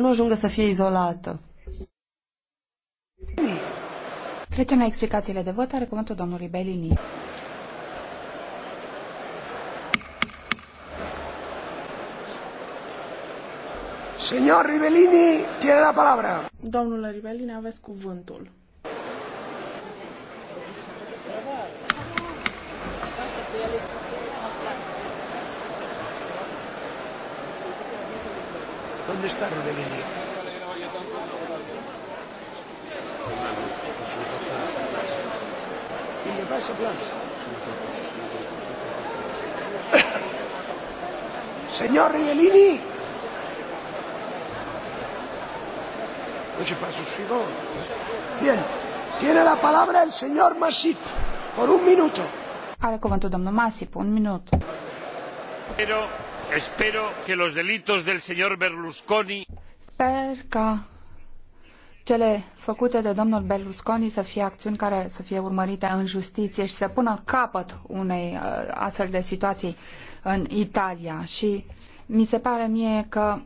nu ajungă să fie izolată. Trecem la explicațiile de vot. Are cuvântul domnului Belini. Señor Rivellini, tiene la palabra. Domnule Rivellini, aveți cuvântul. ¿Dónde está Rivellini? Il de Plaza Plaza. Señor Rivellini. No se pasa su Bien, tiene la palabra el señor Masip por un minuto. Are cuvântul domnul Masip, un minut. Pero Espero que los delitos del señor Berlusconi Sper ca cele făcute de domnul Berlusconi să fie acțiuni care să fie urmărite în justiție și să pună capăt unei uh, astfel de situații în Italia. Și mi se pare mie că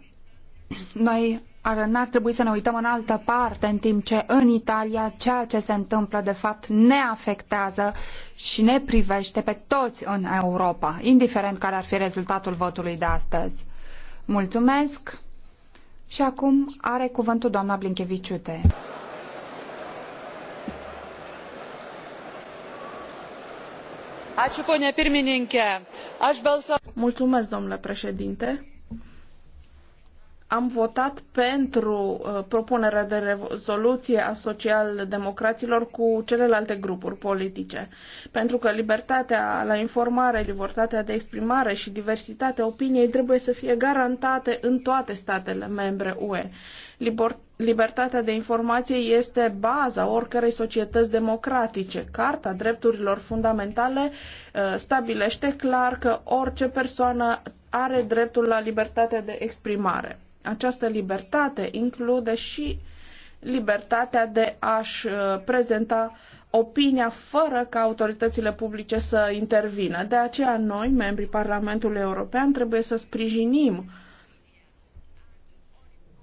noi n-ar trebui să ne uităm în altă parte, în timp ce în Italia ceea ce se întâmplă de fapt ne afectează și ne privește pe toți în Europa, indiferent care ar fi rezultatul votului de astăzi. Mulțumesc și acum are cuvântul doamna Blincheviciute. Mulțumesc, domnule președinte. Am votat pentru uh, propunerea de rezoluție a social-democraților cu celelalte grupuri politice, pentru că libertatea la informare, libertatea de exprimare și diversitatea opiniei trebuie să fie garantate în toate statele membre UE. Libor- libertatea de informație este baza oricărei societăți democratice. Carta drepturilor fundamentale uh, stabilește clar că orice persoană are dreptul la libertatea de exprimare. Această libertate include și libertatea de a-și uh, prezenta opinia fără ca autoritățile publice să intervină. De aceea noi, membrii Parlamentului European, trebuie să sprijinim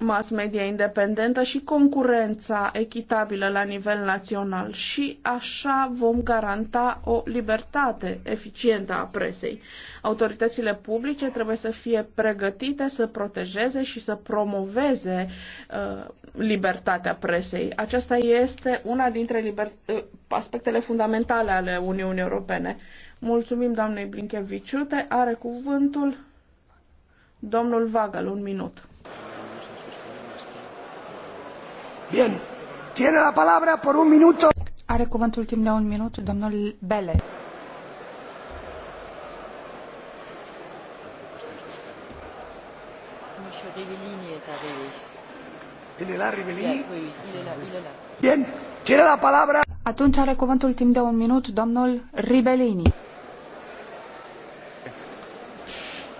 mass media independentă și concurența echitabilă la nivel național și așa vom garanta o libertate eficientă a presei. Autoritățile publice trebuie să fie pregătite să protejeze și să promoveze uh, libertatea presei. Aceasta este una dintre liber- uh, aspectele fundamentale ale Uniunii Europene. Mulțumim doamnei Blinkeviciute. Are cuvântul domnul Vagal, un minut. Bien. Tiene la palabra por un minuto. Are cuvântul timp de un minut domnul Bele. Bien, tiene la palabra. Atunci are cuvântul timp de un minut domnul Ribelini.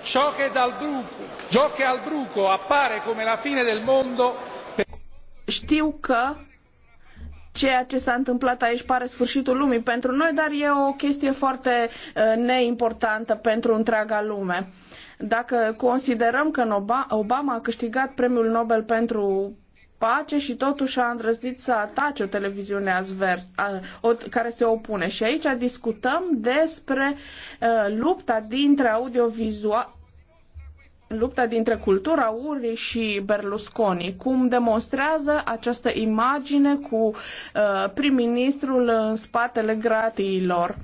Ciò che dal bruco, ciò che al bruco appare come la fine del mondo știu că ceea ce s-a întâmplat aici pare sfârșitul lumii pentru noi, dar e o chestie foarte uh, neimportantă pentru întreaga lume. Dacă considerăm că Obama a câștigat premiul Nobel pentru pace și totuși a îndrăznit să atace o televiziune azver, care se opune. Și aici discutăm despre uh, lupta dintre audiovizual lupta dintre cultura Uri și Berlusconi, cum demonstrează această imagine cu uh, prim-ministrul în spatele gratiilor.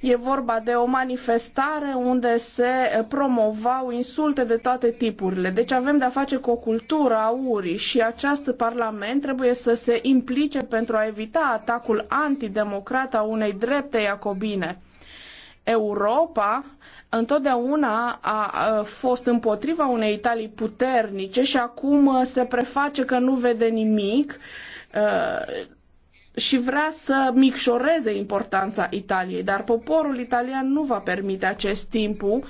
E vorba de o manifestare unde se promovau insulte de toate tipurile. Deci avem de-a face cu o cultură a urii și acest parlament trebuie să se implice pentru a evita atacul antidemocrat a unei drepte iacobine. Europa întotdeauna a fost împotriva unei Italii puternice și acum uh, se preface că nu vede nimic uh, și vrea să micșoreze importanța Italiei, dar poporul italian nu va permite acest timpul,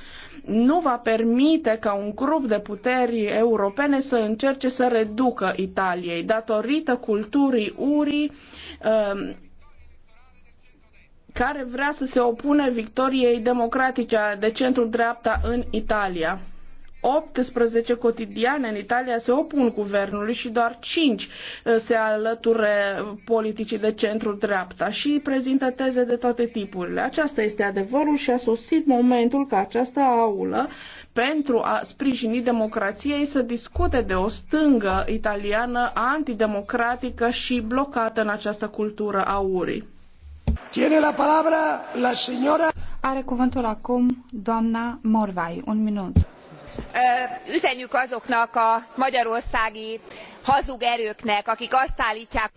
nu va permite ca un grup de puteri europene să încerce să reducă Italiei. Datorită culturii urii, uh, care vrea să se opune victoriei democratice de centru-dreapta în Italia. 18 cotidiane în Italia se opun guvernului și doar 5 uh, se alăture politicii de centru-dreapta și prezintă teze de toate tipurile. Aceasta este adevărul și a sosit momentul ca această aulă pentru a sprijini democrației să discute de o stângă italiană antidemocratică și blocată în această cultură a urii. Are cuvântul acum doamna Morvai. Un minut. Üzenjük azoknak a magyarországi hazug erőknek, akik azt álltják.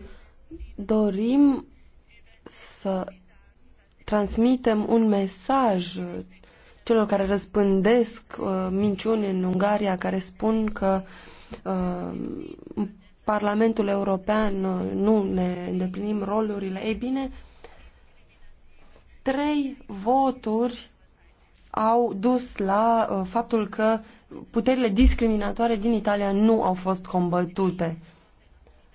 Dorim să transmitem un mesaj celor care răspândesc uh, minciuni în Ungaria, care spun că uh, Parlamentul European uh, nu ne îndeplinim rolurile. Ei bine, Trei voturi au dus la uh, faptul că puterile discriminatoare din Italia nu au fost combătute.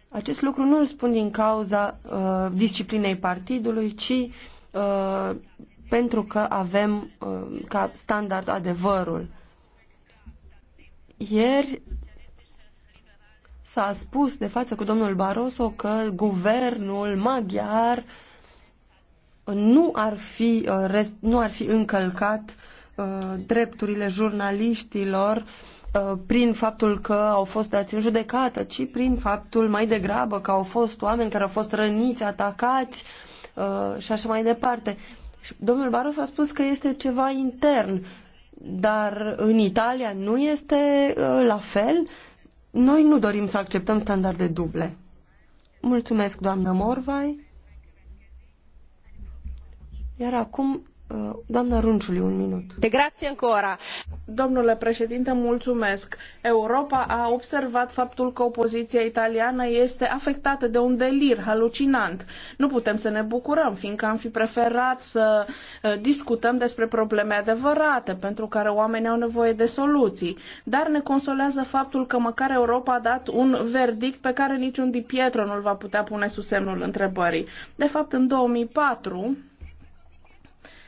Acest lucru nu îl spun din cauza uh, disciplinei partidului, ci uh, pentru că avem uh, ca standard adevărul. Ieri s-a spus de față cu domnul Barroso că guvernul maghiar uh, nu ar fi, uh, nu ar fi încălcat uh, drepturile jurnaliștilor uh, prin faptul că au fost dați în judecată, ci prin faptul mai degrabă că au fost oameni care au fost răniți, atacați și așa mai departe. Domnul Baros a spus că este ceva intern, dar în Italia nu este la fel. Noi nu dorim să acceptăm standarde duble. Mulțumesc, doamnă Morvai. Iar acum, uh, doamna Runciului, un minut. De grație ora. Domnule președinte, mulțumesc. Europa a observat faptul că opoziția italiană este afectată de un delir halucinant. Nu putem să ne bucurăm, fiindcă am fi preferat să uh, discutăm despre probleme adevărate, pentru care oamenii au nevoie de soluții. Dar ne consolează faptul că măcar Europa a dat un verdict pe care niciun Di Pietro nu-l va putea pune sub semnul întrebării. De fapt, în 2004,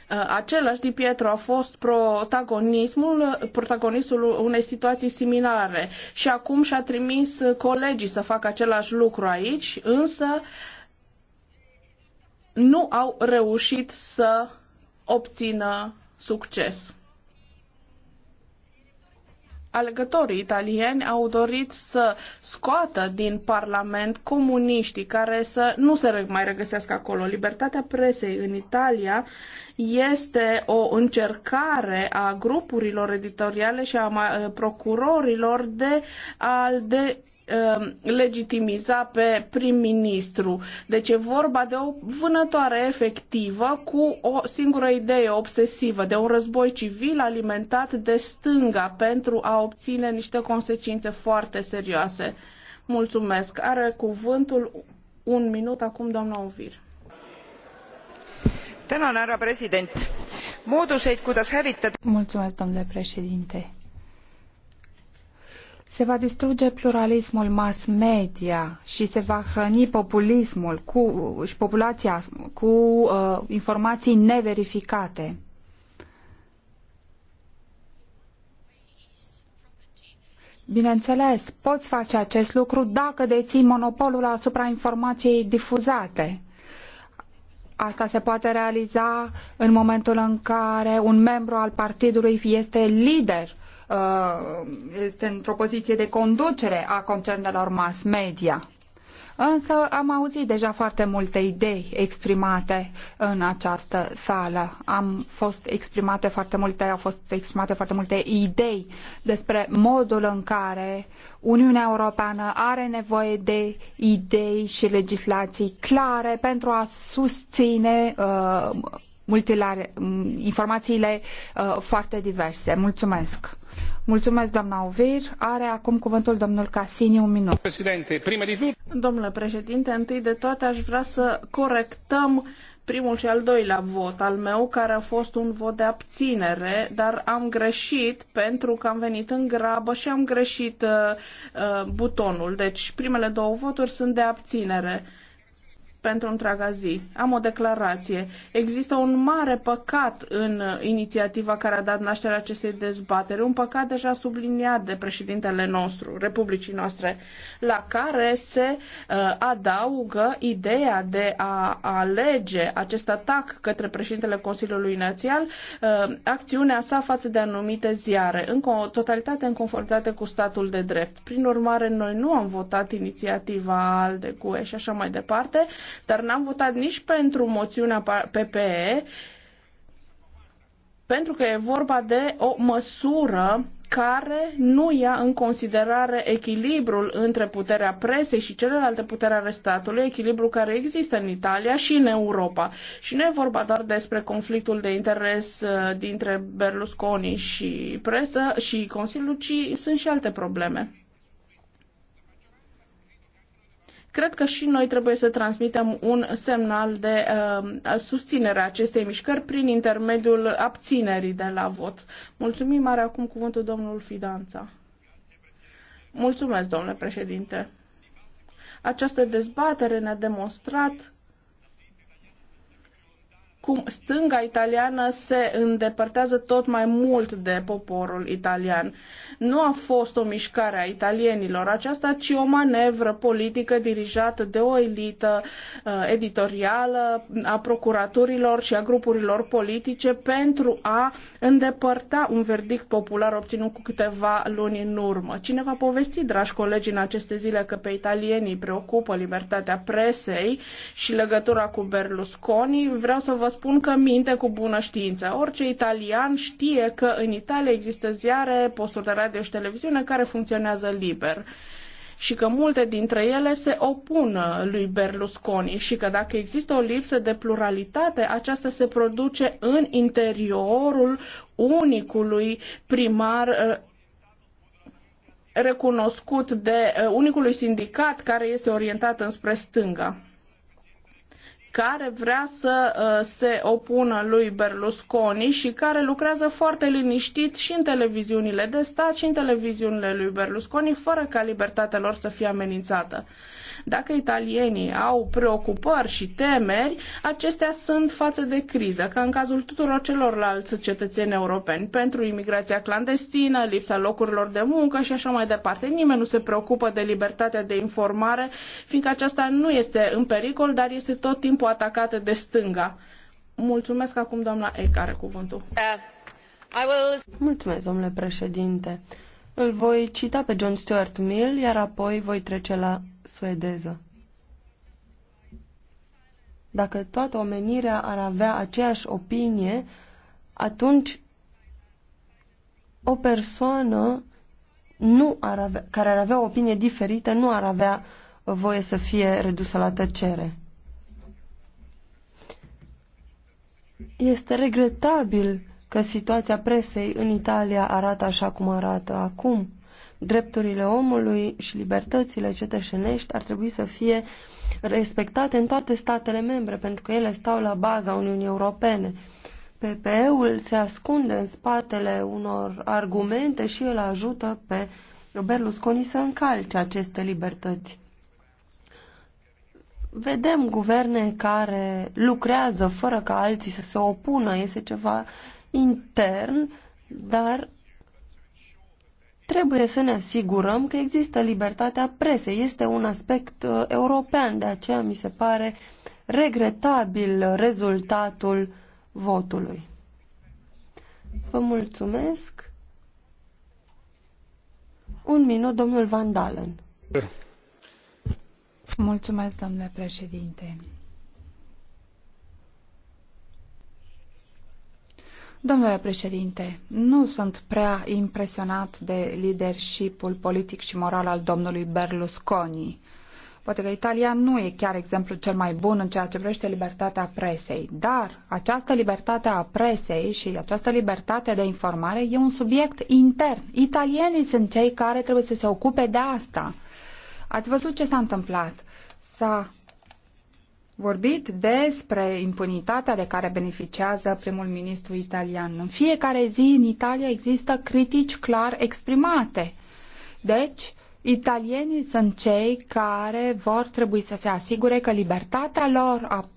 Uh, același Di Pietro a fost protagonismul, protagonistul unei situații similare și acum și-a trimis colegii să facă același lucru aici, însă nu au reușit să obțină succes alegătorii italieni au dorit să scoată din Parlament comuniștii care să nu se mai regăsească acolo. Libertatea presei în Italia este o încercare a grupurilor editoriale și a procurorilor de a de Um, legitimiza pe prim-ministru. Deci e vorba de o vânătoare efectivă cu o singură idee obsesivă, de un război civil alimentat de stânga pentru a obține niște consecințe foarte serioase. Mulțumesc. Are cuvântul un minut acum doamna Ovir. Tänan, härra president. Mooduseid, kuidas hävitada... Mulțumesc, domnule președinte se va distruge pluralismul mass media și se va hrăni populismul cu, și populația cu uh, informații neverificate. Bineînțeles, poți face acest lucru dacă deții monopolul asupra informației difuzate. Asta se poate realiza în momentul în care un membru al partidului este lider Uh, este într-o poziție de conducere a concernelor mass media. Însă am auzit deja foarte multe idei exprimate în această sală. Am fost exprimate foarte multe, au fost exprimate foarte multe idei despre modul în care Uniunea Europeană are nevoie de idei și legislații clare pentru a susține uh, informațiile uh, foarte diverse. Mulțumesc! Mulțumesc, doamna Ovir. Are acum cuvântul domnul Casini, un minut. Președinte, prima de tot... Domnule președinte, întâi de toate aș vrea să corectăm primul și al doilea vot al meu, care a fost un vot de abținere, dar am greșit pentru că am venit în grabă și am greșit uh, uh butonul. Deci primele două voturi sunt de abținere. Uh, pentru întreaga zi. Am o declarație. Există un mare păcat în uh, inițiativa care a dat nașterea acestei dezbateri, un păcat deja subliniat de președintele nostru, Republicii noastre, la care se uh, adaugă ideea de a alege acest atac către președintele Consiliului Național, uh, acțiunea sa față de anumite ziare, în totalitate în conformitate cu statul de drept. Prin urmare, noi nu am votat inițiativa de GUE și așa mai departe, dar n-am votat nici pentru moțiunea PPE, pentru că e vorba de o măsură care nu ia în considerare echilibrul între puterea presei și celelalte puteri ale statului, echilibru care există în Italia și în Europa. Și nu e vorba doar despre conflictul de interes uh, dintre Berlusconi și presă și Consiliul, ci sunt și alte probleme. Cred că și noi trebuie să transmitem un semnal de uh, susținere a acestei mișcări prin intermediul abținerii de la vot. Mulțumim, are acum cuvântul domnul Fidanța. Mulțumesc, domnule președinte. Această dezbatere ne-a demonstrat cum stânga italiană se îndepărtează tot mai mult de poporul italian. Nu a fost o mișcare a italienilor aceasta, ci o manevră politică dirijată de o elită uh, editorială a procuraturilor și a grupurilor politice pentru a îndepărta un verdict popular obținut cu câteva luni în urmă. Cine va povesti, dragi colegi, în aceste zile că pe italienii preocupă libertatea presei și legătura cu Berlusconi, vreau să vă spun că minte cu bună știință. Orice italian știe că în Italia există ziare, posturi de radio și televiziune care funcționează liber și că multe dintre ele se opun lui Berlusconi și că dacă există o lipsă de pluralitate, aceasta se produce în interiorul unicului primar uh, recunoscut de uh, unicului sindicat care este orientat înspre stânga care vrea să uh, se opună lui Berlusconi și care lucrează foarte liniștit și în televiziunile de stat și în televiziunile lui Berlusconi, fără ca libertatea lor să fie amenințată. Dacă italienii au preocupări și temeri, acestea sunt față de criză, ca în cazul tuturor celorlalți cetățeni europeni, pentru imigrația clandestină, lipsa locurilor de muncă și așa mai departe. Nimeni nu se preocupă de libertatea de informare, fiindcă aceasta nu este în pericol, dar este tot timpul timpul atacate de stânga. Mulțumesc acum doamna Eck are cuvântul. Uh, Mulțumesc, domnule președinte. Îl voi cita pe John Stuart Mill, iar apoi voi trece la suedeză. Dacă toată omenirea ar avea aceeași opinie, atunci o persoană nu ar avea, care ar avea o opinie diferită nu ar avea voie să fie redusă la tăcere. Este regretabil că situația presei în Italia arată așa cum arată acum. Drepturile omului și libertățile cetășenești ar trebui să fie respectate în toate statele membre, pentru că ele stau la baza Uniunii Europene. PPE-ul se ascunde în spatele unor argumente și îl ajută pe Berlusconi să încalce aceste libertăți vedem guverne care lucrează fără ca alții să se opună, este ceva intern, dar trebuie să ne asigurăm că există libertatea presei. Este un aspect uh, european, de aceea mi se pare regretabil rezultatul votului. Vă mulțumesc. Un minut, domnul Van Dalen. Mulțumesc, domnule președinte. Domnule președinte, nu sunt prea impresionat de leadershipul politic și moral al domnului Berlusconi. Poate că Italia nu e chiar exemplul cel mai bun în ceea ce privește libertatea presei, dar această libertate a presei și această libertate de informare e un subiect intern. Italienii sunt cei care trebuie să se ocupe de asta. Ați văzut ce s-a întâmplat. S-a vorbit despre impunitatea de care beneficiază primul ministru italian. În fiecare zi în Italia există critici clar exprimate. Deci, italienii sunt cei care vor trebui să se asigure că libertatea lor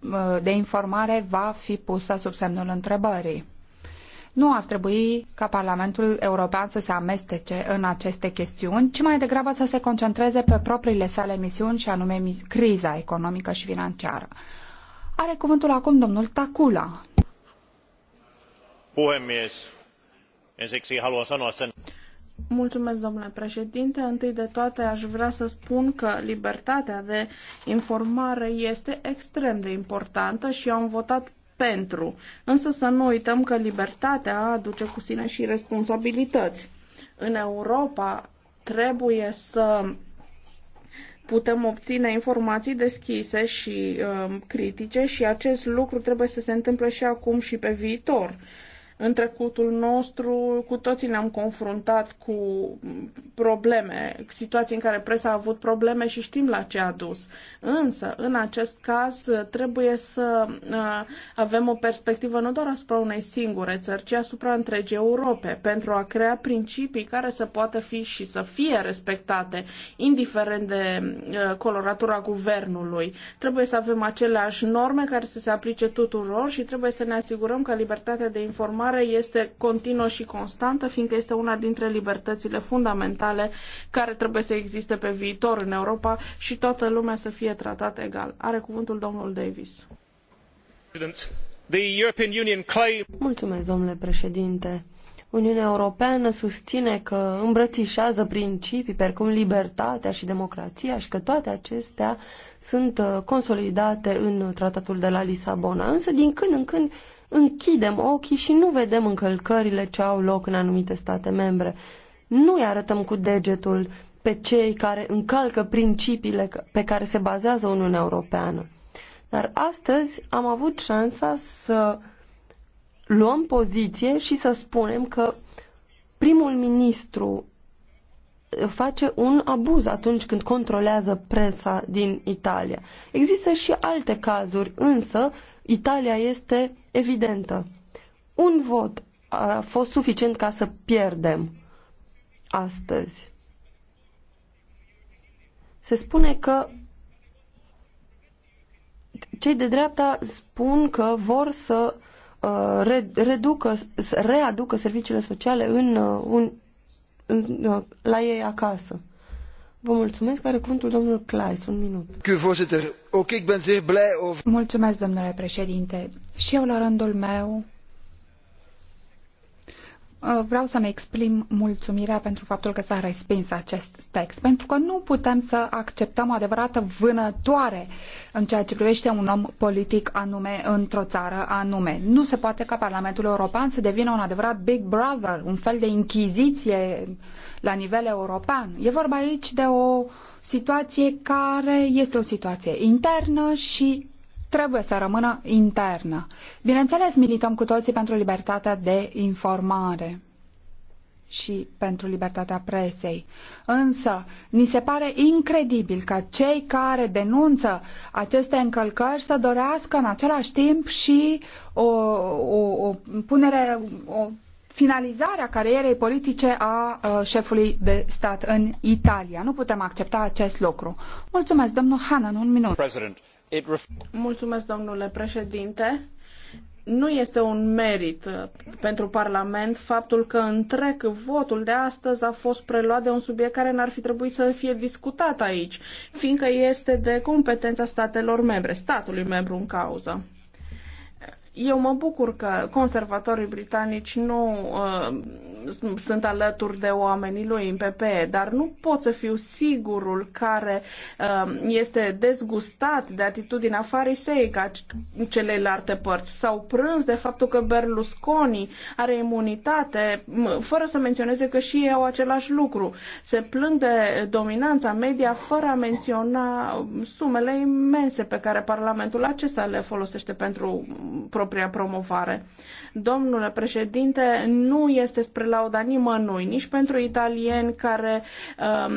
de informare va fi pusă sub semnul întrebării. Nu ar trebui ca Parlamentul European să se amestece în aceste chestiuni, ci mai degrabă să se concentreze pe propriile sale misiuni și anume criza economică și financiară. Are cuvântul acum domnul Takula. Puhemies, ensiksi haluan sanoa sen... Mulțumesc, domnule președinte. Întâi de toate, aș vrea să spun că libertatea de informare este extrem de importantă și am votat pentru. Însă să nu uităm că libertatea aduce cu sine și responsabilități. În Europa trebuie să putem obține informații deschise și uh, critice și acest lucru trebuie să se întâmple și acum și pe viitor. Uh, în trecutul nostru, cu toții ne-am confruntat cu probleme, situații în care presa a avut probleme și știm la ce a dus. Însă, în acest caz, trebuie să avem o perspectivă nu doar asupra unei singure țări, ci asupra întregii Europe, pentru a crea principii care să poată fi și să fie respectate, indiferent de coloratura guvernului. Trebuie să avem aceleași norme care să se aplice tuturor și trebuie să ne asigurăm că libertatea de informare exprimare este continuă și constantă, fiindcă este una dintre libertățile fundamentale care trebuie să existe pe viitor în Europa și toată lumea să fie tratată egal. Are cuvântul domnul Davis. Mulțumesc, domnule președinte. Uniunea Europeană susține că îmbrățișează principii precum libertatea și democrația și că toate acestea sunt uh, consolidate în tratatul de la Lisabona. Însă, din când în când, închidem ochii și nu vedem încălcările ce au loc în anumite state membre. Nu îi arătăm cu degetul pe cei care încalcă principiile pe care se bazează Uniunea Europeană. Dar astăzi am avut șansa să luăm poziție și să spunem că primul ministru face un abuz atunci când controlează presa din Italia. Există și alte cazuri, însă Italia este evidentă. Un vot a fost suficient ca să pierdem astăzi. Se spune că cei de dreapta spun că vor să uh, reducă, să readucă serviciile sociale în, uh, un, la ei acasă. Vă mulțumesc, are cuvântul domnul Claes, un minut. Mulțumesc, domnule președinte. Și eu, la rândul meu, Uh, vreau să-mi exprim mulțumirea pentru faptul că s-a respins acest text, pentru că nu putem să acceptăm o adevărată vânătoare în ceea ce privește un om politic anume într-o țară anume. Nu se poate ca Parlamentul European să devină un adevărat Big Brother, un fel de inchiziție la nivel european. E vorba aici de o situație care este o situație internă și trebuie să rămână internă. Bineînțeles, milităm cu toții pentru libertatea de informare și pentru libertatea presei. Însă, ni se pare incredibil că cei care denunță aceste încălcări să dorească în același timp și o, o, o punere, o finalizare a carierei politice a șefului de stat în Italia. Nu putem accepta acest lucru. Mulțumesc, domnul Hanan, un minut. President domnule președinte nu este un merit uh, pentru Parlament faptul că întreg votul de astăzi a fost preluat de un subiect care n-ar fi trebuit să fie discutat aici, fiindcă este de competența statelor membre, statului membru în cauză. Eu mă bucur că conservatorii britanici nu uh, sunt alături de oamenii lui în PPE, dar nu pot să fiu sigurul care uh, este dezgustat de atitudinea fariseică a celelalte părți sau prânz de faptul că Berlusconi are imunitate, fără să menționeze că și ei au același lucru. Se plâng de dominanța media fără a menționa sumele imense pe care Parlamentul acesta le folosește pentru propria promovare. Domnule președinte, nu este spre lauda nimănui, nici pentru italieni care um,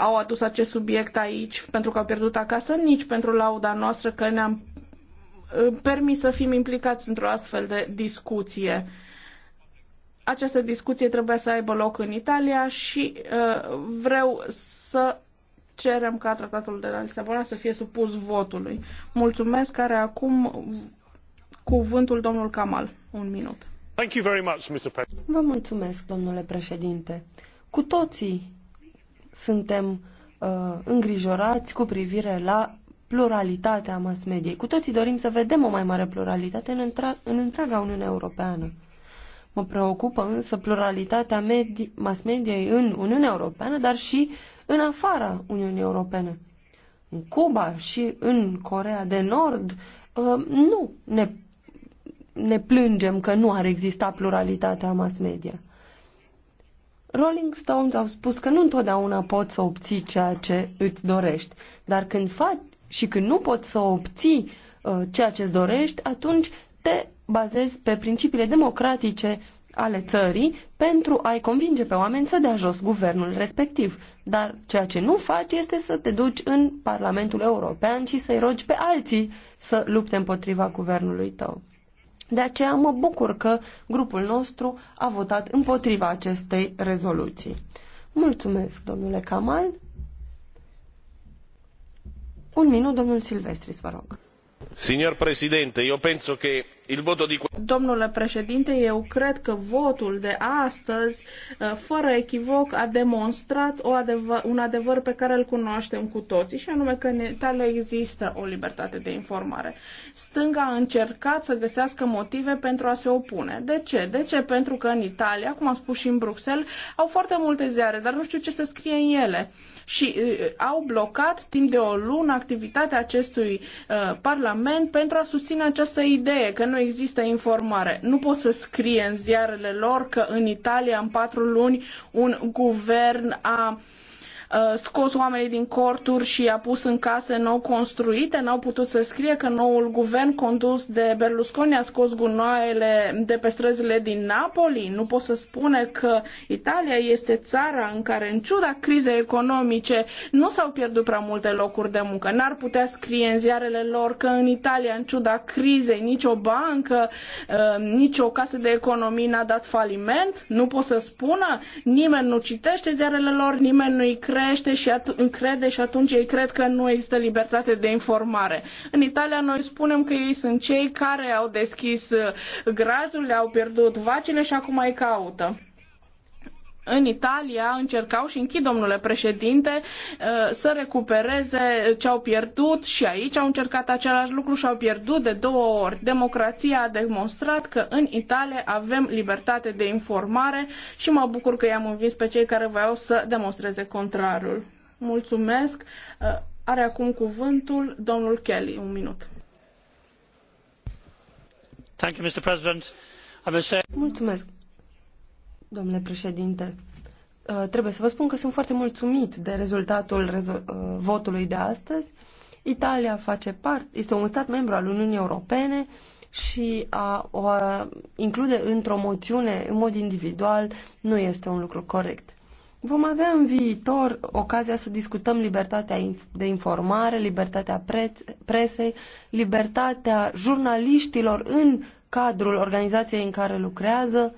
au adus acest subiect aici pentru că au pierdut acasă, nici pentru lauda noastră că ne-am permis să fim implicați într-o astfel de discuție această discuție trebuie să aibă loc în Italia și uh, vreau să cerem ca tratatul de la Lisabona să fie supus votului. Mulțumesc, care acum cuvântul domnul Kamal. Un minut. Thank you very much, Mr. President. Vă mulțumesc, domnule președinte. Cu toții suntem uh, îngrijorați cu privire la pluralitatea mass mediei. Cu toții dorim să vedem o mai mare pluralitate în, întra- în întreaga Uniune Europeană. Mă preocupă însă pluralitatea mass mediei în Uniunea Europeană, dar și în afara Uniunii Europene. În Cuba și în Corea de Nord uh, nu ne ne plângem că nu ar exista pluralitatea mass media. Rolling Stones au spus că nu întotdeauna poți să obții ceea ce îți dorești, dar când faci și când nu poți să obții uh, ceea ce îți dorești, atunci te bazezi pe principiile democratice ale țării pentru a-i convinge pe oameni să dea jos guvernul respectiv. Dar ceea ce nu faci este să te duci în Parlamentul European și să-i rogi pe alții să lupte împotriva guvernului tău. De aceea mă bucur că grupul nostru a votat împotriva acestei rezoluții. Mulțumesc, domnule Kamal. Un minut, domnul Silvestris, vă rog. Signor Presidente, eu penso că Domnule președinte, eu cred că votul de astăzi, uh, fără echivoc, a demonstrat o adevăr, un adevăr pe care îl cunoaștem cu toții, și anume că în Italia există o libertate de informare. Stânga a încercat să găsească motive pentru a se opune. De ce? De ce? Pentru că în Italia, cum am spus și în Bruxelles, au foarte multe ziare, dar nu știu ce să scrie în ele. Și uh, uh au blocat timp de o lună activitatea acestui uh, parlament pentru a susține această idee că nu există informare. Nu pot să scrie în ziarele lor că în Italia, în patru luni, un guvern a uh, Uh, scos oamenii din corturi și i-a pus în case nou construite, n-au putut să scrie că noul guvern condus de Berlusconi a scos gunoaiele de pe străzile din Napoli. Nu pot să spune că Italia este țara în care, în ciuda crizei economice, nu s-au pierdut prea multe locuri de muncă. N-ar putea scrie în ziarele lor că în Italia, în ciuda crizei, nicio bancă, uh, nicio casă de economii n-a dat faliment. Nu pot să spună, nimeni nu citește ziarele lor, nimeni nu-i crede crește și crede și atunci ei cred că nu există libertate de informare. În Italia noi spunem că ei sunt cei care au deschis uh, grajdurile, au pierdut vacile și acum îi caută în Italia încercau și închid, domnule președinte, uh, să recupereze ce au pierdut și aici au încercat același lucru și au pierdut de două ori. Democrația a demonstrat că în Italia avem libertate de informare și mă bucur că i-am învins pe cei care voiau să demonstreze contrarul. Mulțumesc. Uh, are acum cuvântul domnul Kelly. Un minut. Mulțumesc. Domnule președinte, uh, trebuie să vă spun că sunt foarte mulțumit de rezultatul uh, votului de astăzi. Italia face parte, este un stat membru al Uniunii Europene și a o a include într-o moțiune în mod individual nu este un lucru corect. Vom avea în viitor ocazia să discutăm libertatea de informare, libertatea presei, libertatea jurnaliștilor în cadrul organizației în care lucrează,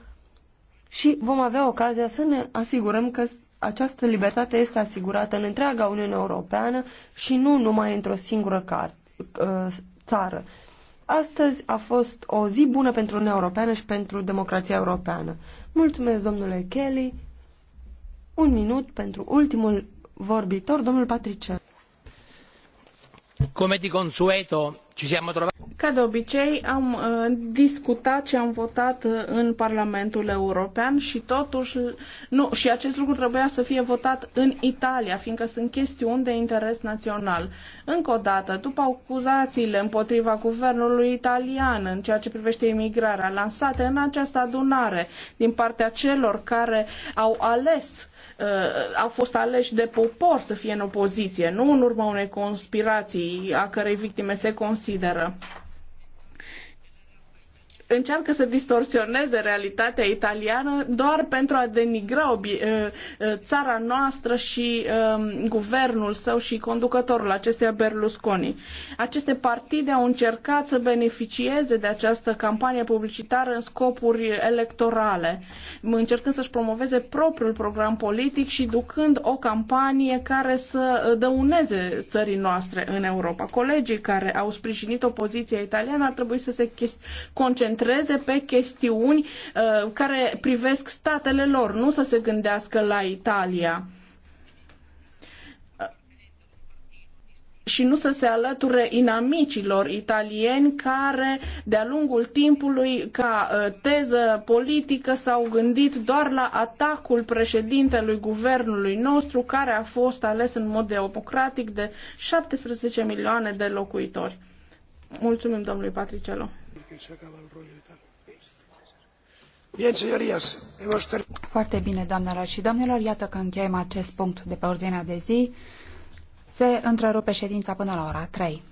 și vom avea ocazia să ne asigurăm că această libertate este asigurată în întreaga Uniune Europeană și nu numai într-o singură car, uh, țară. Astăzi a fost o zi bună pentru Uniunea Europeană și pentru democrația europeană. Mulțumesc, domnule Kelly. Un minut pentru ultimul vorbitor, domnul Patrice. Come di consueto, ci siamo trovati... Ca de obicei, am uh, discutat și am votat uh, în Parlamentul European și totuși, nu, și acest lucru trebuia să fie votat în Italia, fiindcă sunt chestiuni de interes național. Încă o dată, după acuzațiile împotriva guvernului italian în ceea ce privește imigrarea lansate în această adunare din partea celor care au ales uh, au fost aleși de popor să fie în opoziție, nu în urma unei conspirații a cărei victime se consideră încearcă să distorsioneze realitatea italiană doar pentru a denigra obi- eh, eh, țara noastră și um, guvernul său și conducătorul acestuia Berlusconi. Aceste partide au încercat să beneficieze de această campanie publicitară în scopuri electorale, încercând să-și promoveze propriul program politic și ducând o campanie care să dăuneze țării noastre în Europa. Colegii care au sprijinit opoziția italiană ar trebui să se concentreze concentreze pe chestiuni uh, care privesc statele lor, nu să se gândească la Italia. și nu să se alăture inamicilor italieni care de-a lungul timpului ca uh, teză politică s-au gândit doar la atacul președintelui guvernului nostru care a fost ales în mod democratic de 17 milioane de locuitori. Mulțumim domnului Patricello. Foarte bine, doamnelor și domnilor, iată că încheiem acest punct de pe ordinea de zi. Se întrerupe ședința până la ora 3.